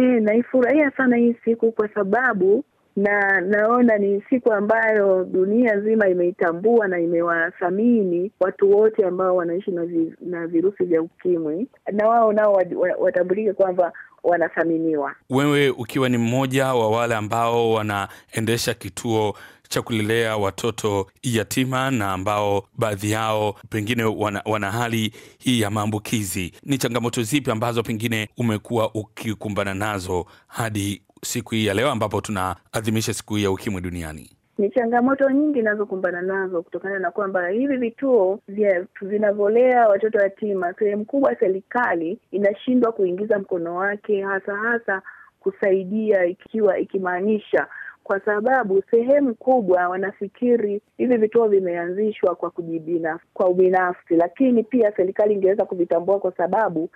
E, naifurahia sana hii siku kwa sababu na naona ni siku ambayo dunia nzima imeitambua na imewathamini watu wote ambao wanaishi na, vi, na virusi vya ukimwi, na wao nao watambulike kwamba wanathaminiwa. Wewe ukiwa ni mmoja wa wale ambao wanaendesha kituo cha kulelea watoto yatima na ambao baadhi yao pengine wana, wana hali hii ya maambukizi, ni changamoto zipi ambazo pengine umekuwa ukikumbana nazo hadi siku hii ya leo ambapo tunaadhimisha siku hii ya ukimwi duniani? Ni changamoto nyingi inazokumbana nazo kutokana na kwamba hivi vituo vinavyolea watoto yatima, sehemu kubwa serikali inashindwa kuingiza mkono wake, hasa hasa kusaidia, ikiwa ikimaanisha kwa sababu sehemu kubwa wanafikiri hivi vituo vimeanzishwa kwa kujibina, kwa ubinafsi, lakini pia serikali ingeweza kuvitambua, kwa sababu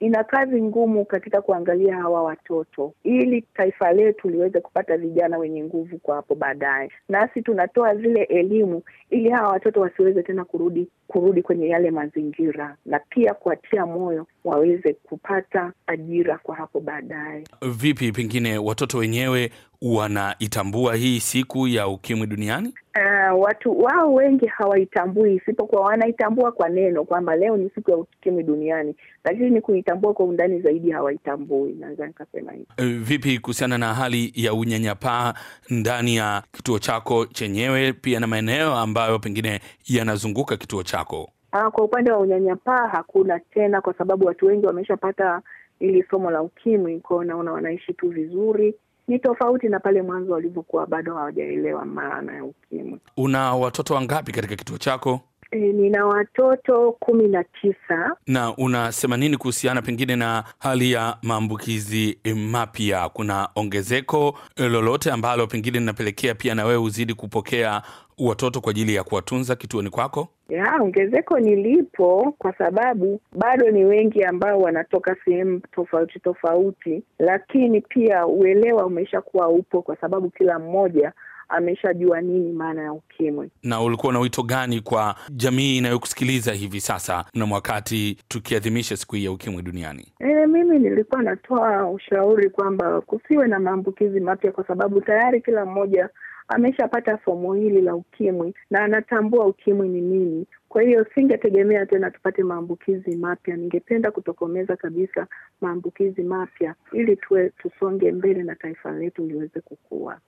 ina kazi ngumu katika kuangalia hawa watoto, ili taifa letu liweze kupata vijana wenye nguvu kwa hapo baadaye. Nasi tunatoa zile elimu ili hawa watoto wasiweze tena kurudi kurudi kwenye yale mazingira, na pia kuwatia moyo waweze kupata ajira kwa hapo baadaye. Vipi pengine watoto wenyewe wana wanaitambua hii siku ya ukimwi duniani? Uh, watu wao wengi hawaitambui, isipokuwa wanaitambua kwa neno kwamba leo ni siku ya ukimwi duniani, lakini kuitambua kwa undani zaidi hawaitambui. Naweza nikasema hivi. Uh, eh, vipi kuhusiana na hali ya unyanyapaa ndani ya kituo chako chenyewe pia na maeneo ambayo pengine yanazunguka kituo chako? Uh, kwa upande wa unyanyapaa hakuna tena, kwa sababu watu wengi wameshapata ili somo la ukimwi kwao, naona wanaishi tu vizuri ni tofauti na pale mwanzo walivyokuwa bado hawajaelewa maana ya ukimwi. Una watoto wangapi katika kituo chako? E, nina watoto kumi na tisa. Na unasema nini kuhusiana pengine na hali ya maambukizi mapya? Kuna ongezeko lolote ambalo pengine linapelekea pia na wewe uzidi kupokea watoto kwa ajili ya kuwatunza kituoni kwako? Ya, ongezeko nilipo kwa sababu bado ni wengi ambao wanatoka sehemu tofauti tofauti, lakini pia uelewa umeshakuwa upo kwa sababu kila mmoja ameshajua nini maana ya ukimwi. Na ulikuwa na wito gani kwa jamii inayokusikiliza hivi sasa na wakati tukiadhimisha siku hii ya ukimwi duniani? E, mimi nilikuwa natoa ushauri kwamba kusiwe na maambukizi mapya, kwa sababu tayari kila mmoja ameshapata fomu hili la ukimwi na anatambua ukimwi ni nini. Kwa hiyo singetegemea tena tupate maambukizi mapya. Ningependa kutokomeza kabisa maambukizi mapya ili tuwe tusonge mbele na taifa letu liweze kukua.